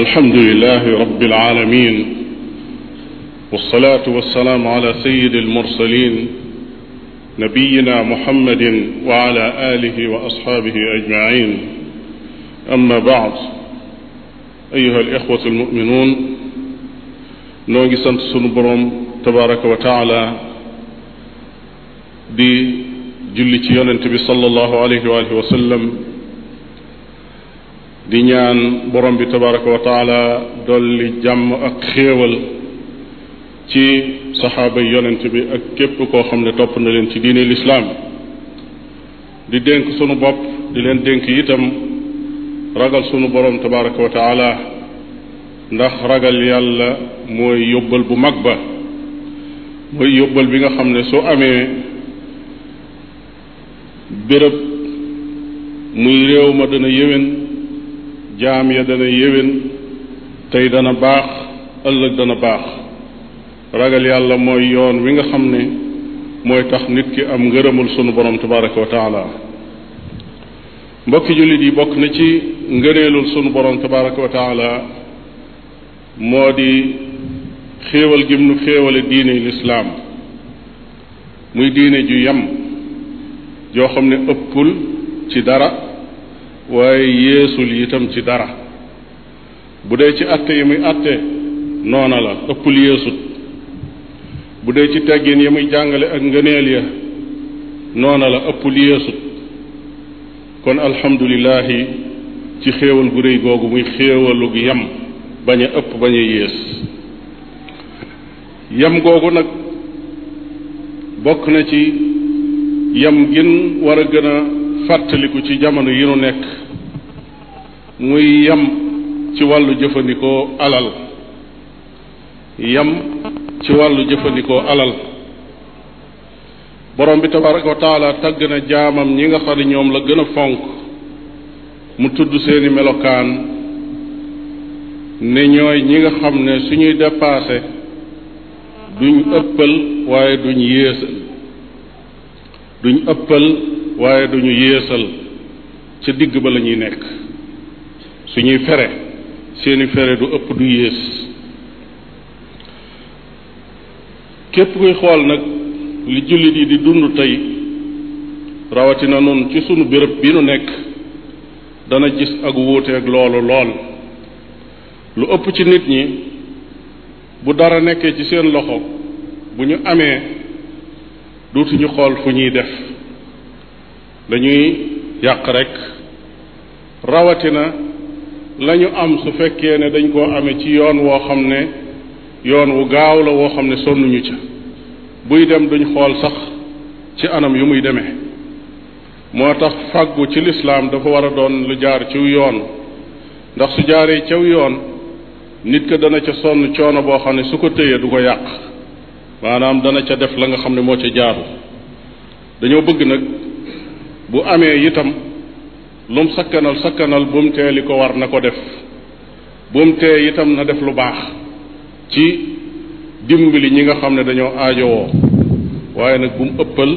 alhamdulilahi rabbil aalamiin wasalaatu wasalaamu ala sayyidil mursaliin nabiyyinaa muhammadin wa ala aalihi wa asxaabihi ajmaciin amma bacd ayyuhal ixwatul mu'minuun noo ngi sant sunu boroom tabaaraka wa taala di julli ci yonent bi sallallahu alayhi wa alihi wa sallam di ñaan borom bi tabaraka wa taala dolli jàmm ak xéewal ci saxaaba yonent bi ak képp koo xam ne topp na leen ci diine lislaam di dénk sunu bopp di leen dénk itam ragal sunu borom tabaraka wa ndax ragal yàlla mooy yóbbal bu mag ba mooy yóbbal bi nga xam ne su amee béréb muy réew ma dana yéwén jaam ya dana yéwén tey dana baax ëllëg dana baax ragal yàlla mooy yoon wi nga xam ne mooy tax nit ki am ngërëmul sunu borom tabaraka wa taala mbokki jullit yi bokk na ci ngëneelul sunu borom tabaraka wa taala moo di xéewal gim nu xéewale diine lislaam muy diine ju yam joo xam ne ëppul ci dara waaye yéesul itam ci dara bu dee ci atte yi muy atte noona la ëppul yéesut bu dee ci teggin yi muy jàngale ak ngëneel ya noona la ëppul yéesut kon alhamdulilahi ci xéewal gu réy googu muy xéewalug yam bañ ëpp bañ a yées yam googu nag bokk na ci yam gin war a gën fàttaliku ci jamono yi nu nekk muy yam ci wàllu jëfandikoo alal yam ci wàllu jëfandikoo alal borom bi tabaraka wa taala na jaamam ñi nga xam ñoom la gën a fonk mu tudd seeni melokaan ne ñooy ñi nga xam ne suñuy dépassé duñ ëppal waaye duñ yéesal duñ ëppal waaye duñu yéesal ca digg ba la ñuy nekk suñuy fere seeni fere du ëpp du yées képp kuy xool nag li jullit yi di dund tey rawatina noonu ci suñu bërëb bi nu nekk dana gis ak wuute ak loolu lool lu ëpp ci nit ñi bu dara nekkee ci seen loxo bu ñu amee dootuñu xool fu ñuy def dañuy yàq rekk rawatina lañu am su fekkee ne dañ koo amee ci yoon woo xam ne yoon wu gaaw la woo xam ne sonnuñu ca buy dem duñ xool sax ci anam yu muy demee moo tax fàggu ci lislaam dafa war a doon lu jaar ciw yoon ndax su jaaree ciw yoon nit ka dana ca sonn coono boo xam ne su ko tëyee du ko yàq maanaam dana ca def la nga xam ne moo ca jaaru dañoo bëgg nag bu amee itam lum sakkanal sakkanal bu mu li ko war na ko def bu mu itam na def lu baax ci dimbali ñi nga xam ne dañoo aajowoo waaye nag bum ëppal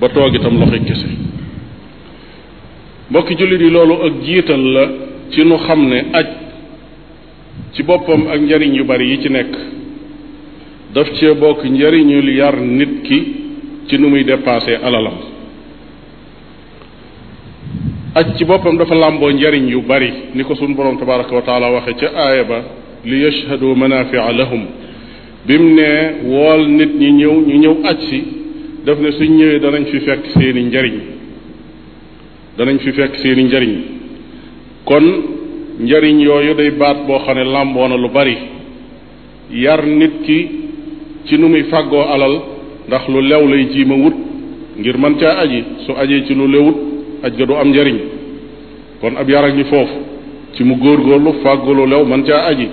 ba toog itam loxo kese mbokki jullit yi loolu ak jiital la ci nu xam ne aj ci boppam ak njariñ yu bari yi ci nekk daf cee bokk njariñul yar nit ki ci nu muy dépassé alalam aj ci boppam dafa làmboo njariñ yu bari ni ko suñu borom tabaraka wa taala waxe ca aaya ba li yashhadu manafia lahum bi mu ne wool nit ñi ñëw ñu ñëw aj si def ne suñ ñëwee danañ fi fekk seeni njariñ danañ fi fekk seeni njariñ kon njariñ yooyu day baat boo xam ne làmboo na lu bari yar nit ki ci nu muy fàggoo alal ndax lu lew lay jiima wut ngir mën caa aji su ajee ci lu lewut aj ga du am njariñ kon ab yarak ñi foofu ci mu góor góorgóorlu fàggulu lew man caa aji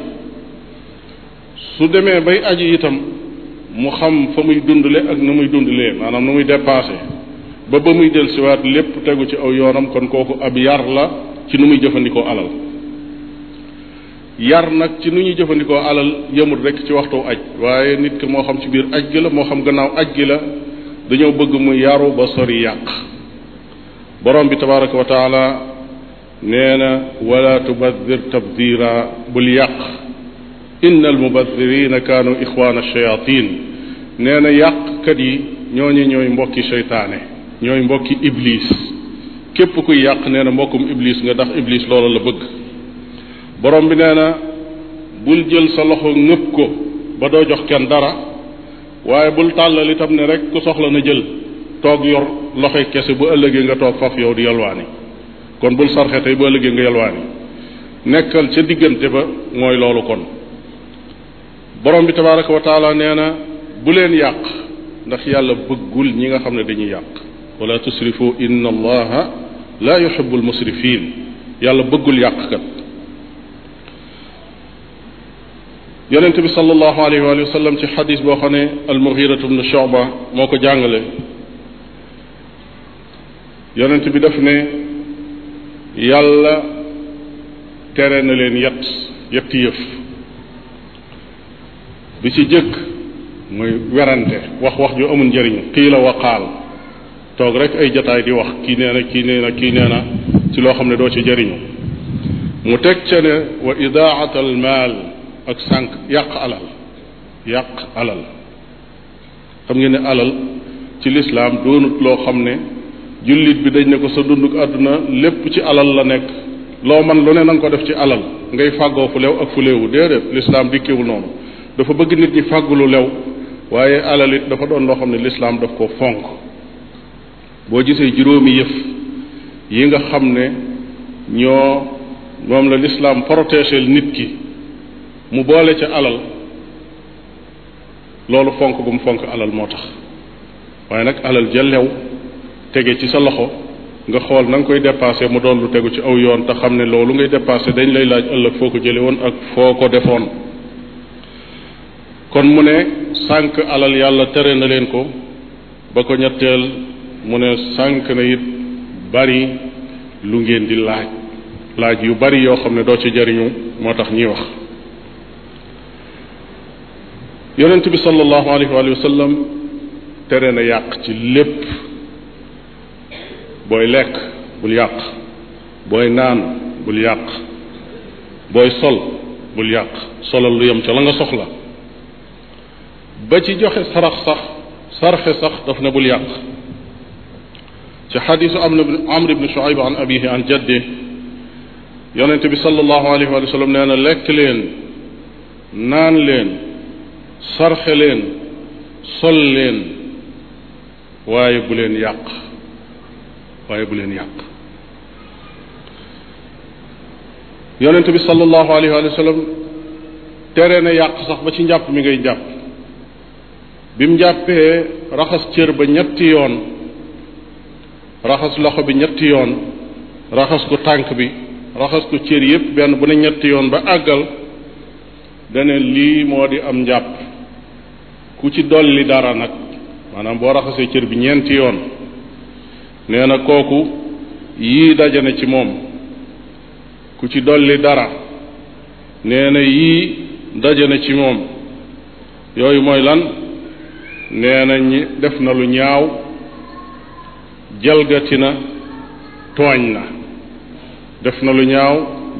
su demee bay aji itam mu xam fa muy dundle ak nu muy dundlee maanaam nu muy dépassé ba ba muy del siwaat lépp tegu ci aw yoonam kon kooku ab yar la ci nu muy jëfandikoo alal yar nag ci nu ñuy jëfandikoo alal yëmul rekk ci waxtu aj waaye nit ki moo xam ci biir aj gi la moo xam gannaaw aj gi la dañoo bëgg mu yaru ba sori yàq borom bi tabaraka wa taala nee na wala tubadir bul yàq inna almubadirina kaanu ixwaana shayatin nee na yàqkat yi ñooñu ñooy mbokki seytaane ñooy mbokki iblis képp kuy yàq nee na mbokkum iblis nga ndax iblis loola la bëgg borom bi nee bul jël sa loxo ngëpp ko ba doo jox kenn dara waaye bul tàllal itam ne rek ku soxla na jël toog yor loxoy kese bu ëllëgee nga toog faf yow di yalwaani kon bul sarxe tey bu ëllëgee nga yalwaani nekkal ca diggante ba mooy loolu kon borom bi tabaraka wa taala nee na bu leen yàq ndax yàlla bëggul ñi nga xam ne dañuy yàq wala tusrifu inna allaha la yuhibbul musrifin yàlla bëggul yàq yàqkat yonente bi sallallahu alayhi wa sallam ci xadis boo xam ne al mughiratu bnu shuba moo ko jàngale yonent bi daf ne yàlla tere na leen yet yetti yëf bi ci jëkk muy werante wax wax ju amul njëriñ xii la waxaal toog rek ay jataay di wax kii nee na kii nee na kii nee na ci loo xam ne doo ci jëriñu mu teg ca ne wa idaat al maal ak sànq yàq alal yàq alal xam ngeen ne alal ci lislaam doonut loo xam ne jullit bi dañ ne ko sa dunduk àdduna lépp ci alal la nekk loo man lu ne na ko def ci alal ngay fàggoo fu lew ak fu leewu déedéet lislaam dikkiwul noonu dafa bëgg nit ñi fàggu lu lew waaye alal it dafa doon loo xam ne lislaam daf ko fonk boo gisee juróomi yëf yi nga xam ne ñoo moom la lislaam protéger nit ki mu boole ci alal loolu fonk gu mu fonk alal moo tax waaye nag alal ja lew tege ci sa loxo nga xool na nga koy dépensé mu doon lu tegu ci aw yoon te xam ne loolu ngay dépensé dañ lay laaj ëllëg foo ko jële woon ak foo ko defoon kon mu ne sànq alal yàlla na leen ko ba ko ñetteel mu ne sànq na it bari lu ngeen di laaj laaj yu bari yoo xam ne doo ci jariñu moo tax ñuy wax yonent bi sallallahu alayhi wa sallam tere na yàq ci lépp booy lekk bul yàq booy naan bul yàq booy sol bul yàq solal lu yem ca la nga soxla ba ci joxe sarax sax sarxe sax daf ne bul yàq ci xadiisu amr ibn shuayb an abihi an jaddi yonente bi sallallahu alayhi wa sallam nee na lekk leen naan leen sarxe leen sol leen waaye bu leen yàq waaye bu leen yàq yonent bi sallallahu alayhi wa sallam tere na yàq sax ba ci njàpp mi ngay jàpp bi mu jàppee raxas cër ba ñetti yoon raxas loxo bi ñetti yoon raxas ko tànk bi raxas ko cër yépp benn bu ne ñetti yoon ba àggal dane lii moo di am njàpp ku ci dolli dara nag maanaam boo raxasee cër bi ñeenti yoon nee na kooku yii daje na ci moom ku ci dolli dara nee na daje na ci moom yooyu mooy lan nee na ñi def na lu ñaaw jalgati na tooñ na def na lu ñaaw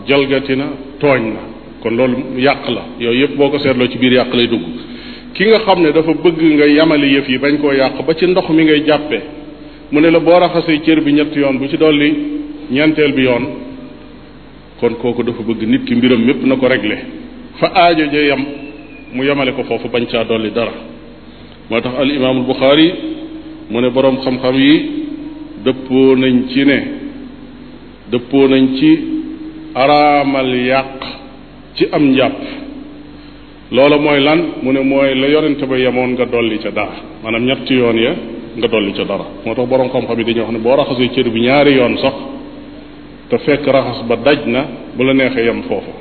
jalgati na tooñ na kon loolu yàq la yooyu yëpp boo ko seetloo ci biir yàq lay dugg ki nga xam ne dafa bëgg nga yamali yëf yi bañ koo yàq ba ci ndox mi ngay jàppe mu ne la boo raxasee cër bi ñett yoon bu ci dolli ñeenteel bi yoon kon kooku dafa bëgg nit ki mbiram mépp na ko regle fa aajo ja yam mu yemale ko foofu bañ caa dolli dara moo tax al imaamul buxaari mu ne boroom xam-xam yi dëppoo nañ ci ne dëppoo nañ ci araamal yàq ci am njàpp loola mooy lan mu ne mooy la yonente ba yemoon nga dolli ca daa maanaam ñetti yoon ya nga dolli ca dara moo tax borom xam-xam yi dañuy wax ne boo raxasee cër bi ñaari yoon sax te fekk raxas ba daj na bu la neexee yem foofu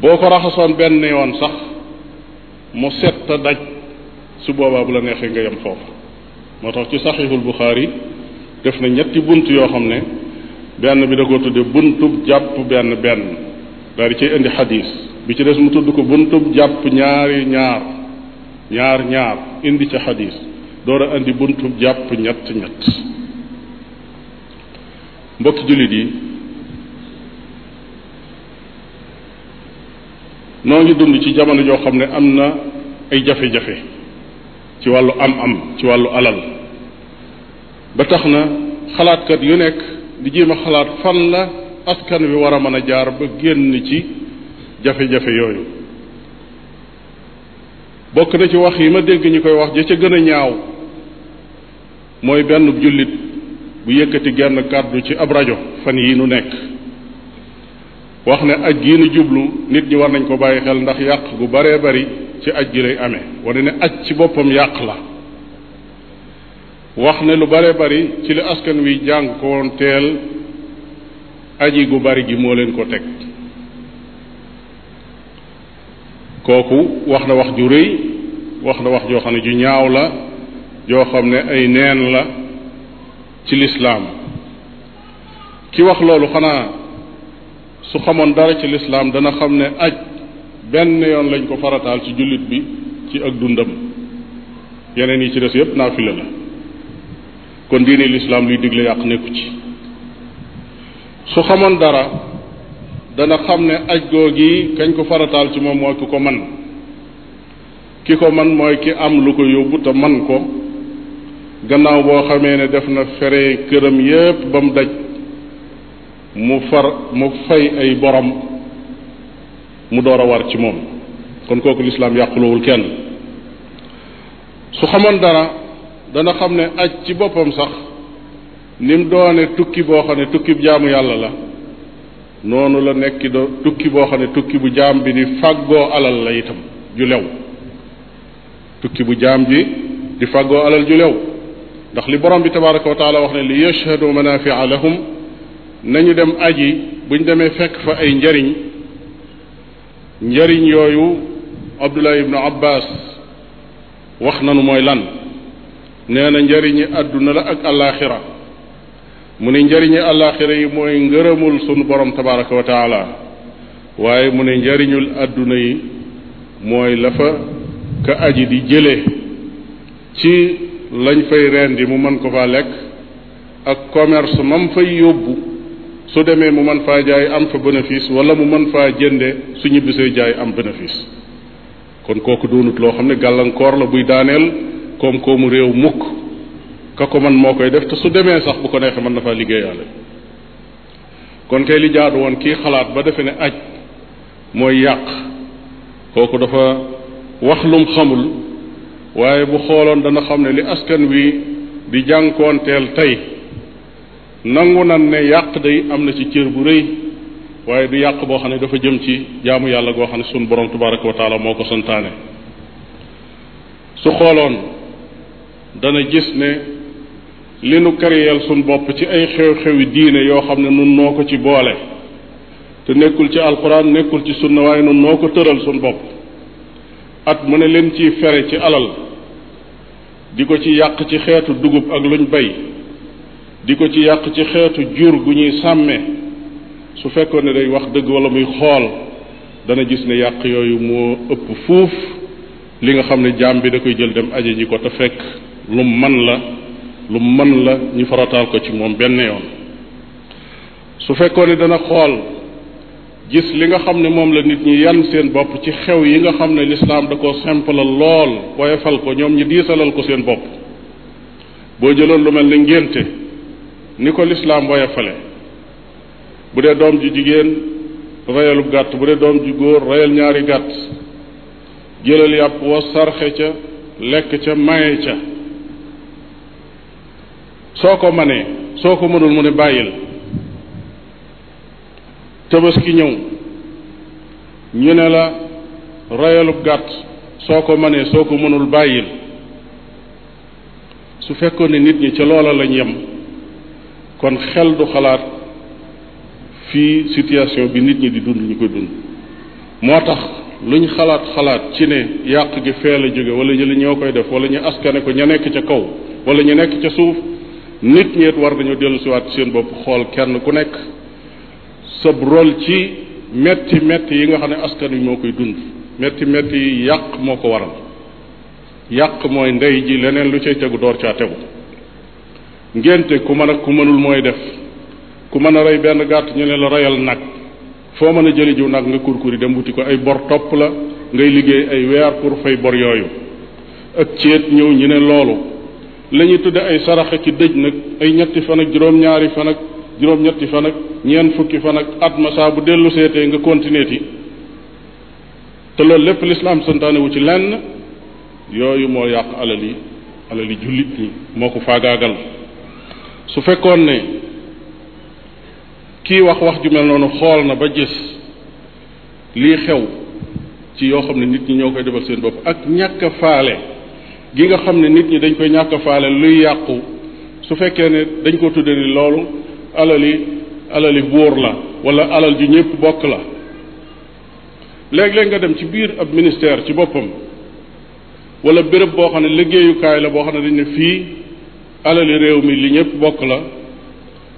boo ko raxasoon benn yoon sax mu set te daj su boobaa bu la neexee nga yem foofu moo tax ci saxiixul Buxaari def na ñetti bunt yoo xam ne benn bi da ko tudde buntub jàpp benn benn daal di ciy indi xadis bi ci des mu tudd ko buntub jàpp ñaari ñaar ñaar ñaar indi ca xadis door a andi buntu jàpp ñett ñett mbokki jullit yi noo ngi dund ci jamono joo xam ne am na ay jafe-jafe ci wàllu am-am ci wàllu alal ba tax na xalaatkat yu nekk di jéem xalaat fan la askan wi war a mën a jaar ba génn ci jafe-jafe yooyu bokk na ci wax yi ma dégg ñu koy wax ja ca gën a ñaaw mooy benn jullit bu yëkkati genn kàddu ci ab rajo fan yii nu nekk wax ne aj gii nu jublu nit ñi war nañ ko bàyyi xel ndax yàq gu baree bari ci aj gi lay amee wane ne aj ci boppam yàq la wax ne lu baree bari ci li askan wi jàng koon teel aji gu bari gi moo leen ko teg kooku wax na wax ju rëy wax na wax joo xam ne ju ñaaw la yoo xam ne ay neen la ci lislaam ki wax loolu xanaa su xamoon dara ci lislaam dana xam ne aj benn yoon lañ ko farataal ci jullit bi ci ak dundam yeneen yi ci des yépp naafila la kon diine lislaam luy digle yàq nekku ci su xamoon dara dana xam ne aj googi kañ ko farataal ci moom mooy ku ko man ki ko man mooy ki am lu ko yóbbu te man ko gannaaw boo xamee ne def na fere këram yépp ba mu daj mu far mu fay ay borom mu door a war ci moom kon kooku lislaam yàqulowul kenn su xamoon dara dana xam ne aj ci boppam sax ni mu doone tukki boo xam ne tukki bu yàlla la noonu la nekk tukki boo xam ne tukki bu jaam bi di fàggoo alal la itam ju lew tukki bu jaam bi di fàggoo alal ju lew ndax li borom bi tabaraka wa taala wax ne li yashhadu manafia lahum nañu dem aji buñ demee fekk fa ay njariñ njariñ yooyu abdullah ibnu abbas wax nanu mooy lan neena na njariñi àdduna la ak alaxira mu ne njariñi alaxira yi mooy ngërëmul sunu borom tabaraka wa taala waaye mu ne njariñul àdduna yi mooy la ka aji di jële ci lañ fay rendi mu man ko faa lekk ak commerce mam fay yóbbu su demee mu mën faa jaay am fa bénéfice wala mu man faa jënde su ñibbisee jaay am bénéfice kon kooku doonut loo xam ne gàllankoor la buy daaneel koom-koomu réew mukk ka ko man moo koy def te su demee sax bu ko neexee mën na faa liggéeyaale kon kay li jaadu woon kii xalaat ba defe ne aj mooy yàq kooku dafa wax lum xamul waaye bu xooloon dana xam ne li askan wi di jànkoonteel tey nangu nan ne yàq day am na ci cër bu rëy waaye du yàq boo xam ne dafa jëm ci jaamu yàlla goo xam ne sunu borom tabaraka wa taala moo ko santaane su xooloon dana gis ne li nu kariyeel sunu bopp ci ay xew-xewi diine yoo xam ne nun noo ko ci boole te nekkul ci alxuraan nekkul ci na waaye nun noo ko tëral sunu bopp at mu ne leen ciy fere ci alal di ko ci yàq ci xeetu dugub ak luñ bay di ko ci yàq ci xeetu jur gu ñuy sàmme su fekkoon ne day wax dëgg wala muy xool dana gis ne yàq yooyu moo ëpp fuuf li nga xam ne jaam bi da koy jël dem aje ji ko te fekk lu man la lu mën la ñu farataal ko ci moom benn yoon su fekkoon ne dana xool gis li nga xam ne moom la nit ñi yan seen bopp ci xew yi nga xam ne lislaam da ko simplal lool woyofal ko ñoom ñi diisalal ko seen bopp boo jëloon lu mel ni ngénte ni ko lislaam woyofale bu dee doom ji jigéen reyalub gàtt bu dee doom ji góor reyal ñaari gàtt jëlal yàpp wa sarxe ca lekk ca maye ca soo ko manee soo ko mënul mu ne bàyyil ki ñëw ñu ne la rayalub gàtt soo ko mënee soo ko mënul bàyyil su fekkoon ne nit ñi ca loola lañ yem kon xel du xalaat fii situation bi nit ñi di dund ñu koy dund moo tax luñ xalaat xalaat ci ne yàq gi fee la jóge wala ñu ñoo koy def wala ñu askane ko ña nekk ca kaw wala ñu nekk ca suuf nit ñeet war nañoo dellusiwaat seen bopp xool kenn ku nekk sab rol ci metti metti yi nga xam ne askan wi moo koy dund metti metti yi yàq moo ko waral yàq mooy ndey ji leneen lu cay tegu door caa tegu ngénte ku mën a ku mënul mooy def ku mën a rey benn gàtt ñu ne la reyal nag foo mën a jëli jiw nag nga kurkur yi dem wuti ko ay bor topp la ngay liggéey ay weer pour fay bor yooyu ak ceet ñëw ñu ne loolu la ñuy ay saraxa ci dëj nag ay ñetti fan ak juróom-ñaari fan ak juróom-ñetti fan ak ñeent fukki fan ak at ma bu dellu seetee nga continuer ti te loolu lépp lislaam santaane wu ci lenn yooyu moo yàq alali alali jullit yi moo ko faagaagal su fekkoon ne kii wax wax ju mel noonu xool na ba gis lii xew ci yoo xam ne nit ñi ñoo koy demal seen bopp ak ñàkk a faale gi nga xam ne nit ñi dañ koy ñàkk faale luy yàqu su fekkee ne dañ koo tudde ni loolu yi alali buur la wala alal ju ñëpp bokk la léeg-léeg nga dem ci biir ab ministère ci boppam wala béréb boo xam ne liggéeyukaay la boo xam ne dañ ne fii alali réew mi li ñëpp bokk la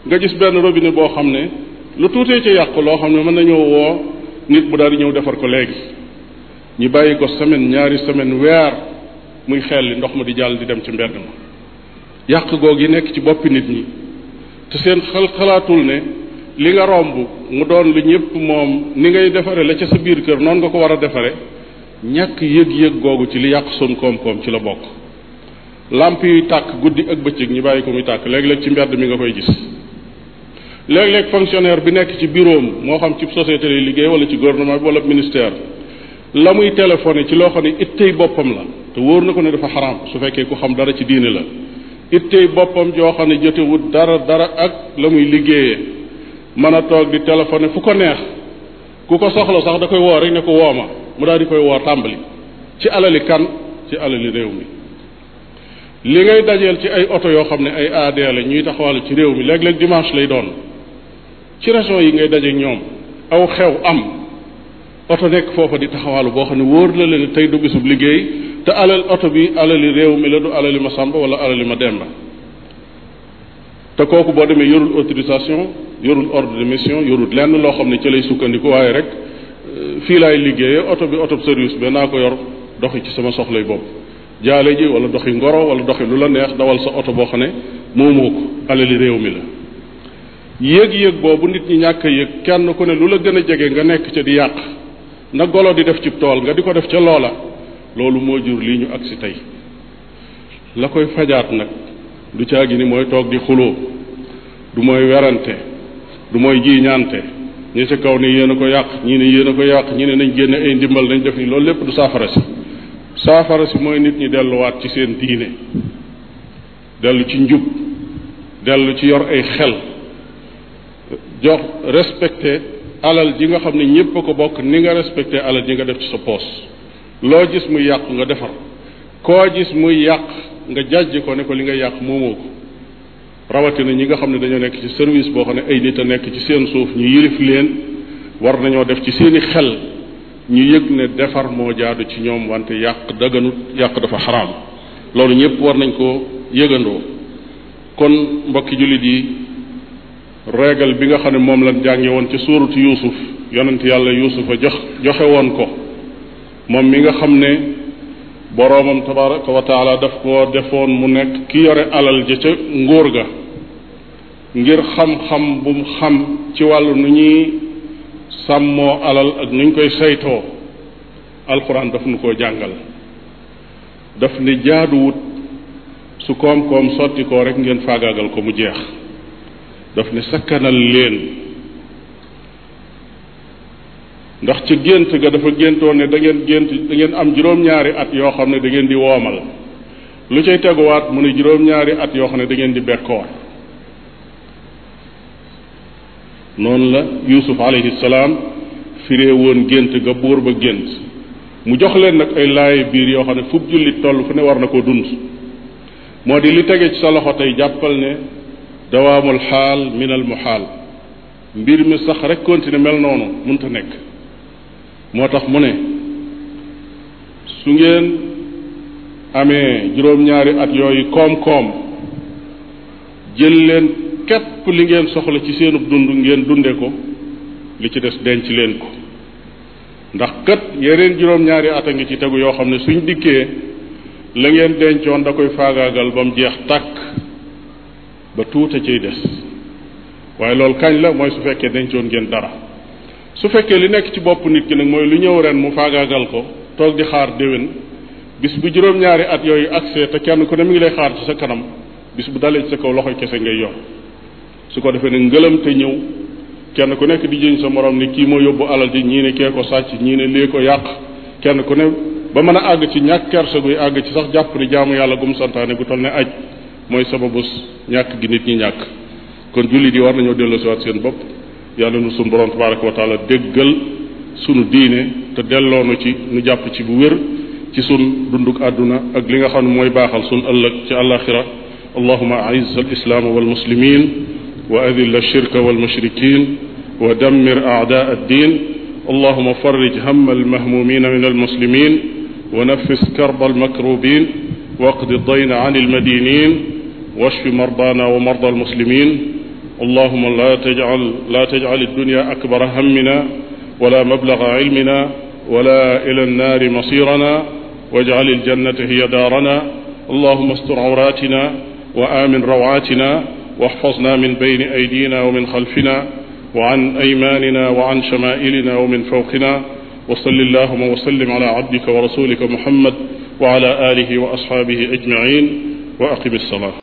nga gis benn robine boo xam ne lu tuutee ci yàq loo xam ne mën nañoo woo nit bu daal di ñëw defar ko léegi ñu bàyyi ko semaine ñaari semaine weer muy xel ndox ma di jàll di dem ci mbedd ma yàq googu yi nekk ci boppi nit ñi te seen xal xalaatul ne li nga romb mu doon lu ñëpp moom ni ngay defare la ca sa biir kër noonu nga ko war a defare ñàkk yëg-yëg googu ci li yàq soon koom-koom ci la bokk làmp yuy tàkk guddi ak bëccëg ñu bàyyi ko muy tàkk léeg-léeg ci mbedd mi nga koy gis léeg-léeg fonctionnaire bi nekk ci bureau moo xam ci société lay liggéey wala ci gouvernement bi wala ministère la muy téléphoné ci loo xam ne it tey boppam la te wóor na ko ne dafa xaraam su fekkee ku xam dara ci diine la it tey boppam joo xam ne jotewut dara dara ak la muy liggéeye mën a toog di téléphoné fu ko neex ku ko soxla sax da koy woo rek ne ko woo ma mu daal di koy woo tàmbali ci alali kan ci alali réew mi li ngay dajeel ci ay oto yoo xam ne ay AD la ñuy taxawal ci réew mi léeg-léeg dimanche lay doon ci région yi ngay daje ñoom aw xew am oto nekk foofa di taxawalu boo xam ne wóor la leen tey du bisub liggéey te alal oto bi alali réew mi la du alali ma sàmba wala alali ma demba te kooku boo demee yorul autorisation yorul ordre de mission yorul lenn loo xam ne ci lay sukkandiku waaye rek euh, fii laay liggéeye oto bi oto service bi naa ko yor doxi ci sama soxlay bopp jaale ji wala doxi ngoro wala doxi lu la neex dawal sa oto boo xam ne moomoo ko alali réew mi la yéeg yëg boobu nit ñi ñàkk a kenn ku ne lu la gën a jege nga nekk ca di yàq na golo di def ci tool nga di ko def ca loola loolu moo jur lii ñu agsi tey la koy fajaat nag du caagi ni mooy toog di xuloo du mooy werante du mooy jiiñaante ñi ci kaw ni yéen a ko yàq ñii ne yéen a ko yàq ñi ne nañ génne ay ndimbal nañ def ni loolu lépp du saafara si saafara si mooy nit ñi delluwaat ci seen diine dellu ci njub dellu ci yor ay xel jox respecté alal ji nga xam ne ñépp a ko bokk ni nga respecte alal ji nga def ci sa poos loo gis muy yàqu nga defar koo gis muy yàq nga jàjj ko ne ko li nga yàq moomoo ko rawatina ñi nga xam ne dañoo nekk ci service boo xam ne ay nit a nekk ci seen suuf ñu yilif leen war nañoo def ci seeni xel ñu yëg ne defar moo jaadu ci ñoom wante yàq daganut yàq dafa xaraam loolu ñëpp war nañ ko yëgandoo kon mbokki jullit yi régal bi nga xam ne moom lañ jànge woon ci suuratu yuusuf yonent yàlla yuusufa jox joxe woon ko moom mi nga xam ne boroomam tabaraka wa taala daf koo defoon mu nekk ki yore alal ja ca nguur ga ngir xam-xam bu mu xam ci wàllu nu ñuy sàmmoo alal ak nu ñu koy saytoo alxuraan daf nu koo jàngal daf ne jaaduwut su koom-koom sotti koo rek ngeen faagaagal ko mu jeex daf ne sakkanal leen ndax ci gént ga dafa géntoon ne da ngeen gént da ngeen am juróom-ñaari at yoo xam ne da ngeen di woomal lu cay teguwaat mu ne juróom-ñaari at yoo xam ne da ngeen di bekkoor noonu la yusuf alayhi salaam firee woon gént ga buur ba gént mu jox leen nag ay laaye biir yoo xam ne fub jullit toll fu ne war na koo dund moo di li tege ci sa loxo tey jàppal ne dawaamul xaal minal muxaal mbir mi sax rek continuer mel noonu munta nekk moo tax mu ne su ngeen amee juróom-ñaari at yooyu koom-koom jël leen képp li ngeen soxla ci seenub dund ngeen dunde ko li ci des denc leen ko ndax kat yeneen juróom-ñaari at a ngi ci tegu yoo xam ne suñ dikkee la ngeen dencoon da koy faagaagal ba mu jeex tàkk ba tuuta ciy des waaye loolu kañ la mooy su fekkee dencoon ngeen dara su fekkee li nekk ci bopp nit ki nag mooy lu ñëw ren mu faagaagal ko toog di xaar déwén bis bu juróom-ñaari at yooyu agsee te kenn ku ne mu ngi lay xaar ci sa kanam bis bu dalee sa kaw loxo kese ngay yor su ko defee nag ngëlam te ñëw kenn ku nekk di jëñ sa morom ni kii moo yóbbu alal ji ñii ne kee ko sàcc ñii ne lee ko yàq kenn ku ne ba mën a àgg ci ñàkk kersa guy àgg ci sax jàpp ni jaamu yàlla gum santaane gu toll ne aj mooy sababus ñàkk gi nit ñi ñàkk kon jullit yi war nañoo delloosiwaat seen bopp yàlla nu sunu borom tabaraka wa taala déggal sunu diine te delloonu ci nu jàpp ci bu wér ci sun dunduk àdduna ak li nga xam ne mooy baaxal sun ëllëg ci àllaaxira allahuma aiz al islaam wal muslimin wa adil al shirka wal mushrikin wa dammir aadaa ad din allahuma farrij hamma al mahmumina min al muslimin wa nafis karba al makrubin waqdi dayna an al madinin washfi mardana wa marda al muslimin allahuma la tajal la tajal addunia akbara hammina wala mablaga ilmina wala ila annaari masirana wajal aljannata hiya daarana allahuma astur awratina wa amin rawatina waxfasna min bayni aydina wa min xalfina wa an aymanina wa an shamailina wa min fawqina wa salli allahuma wa sallim ala abdika wa rasulika muhammad wa ala alihi wa asxaabihi ajmain wa aqim alsalaa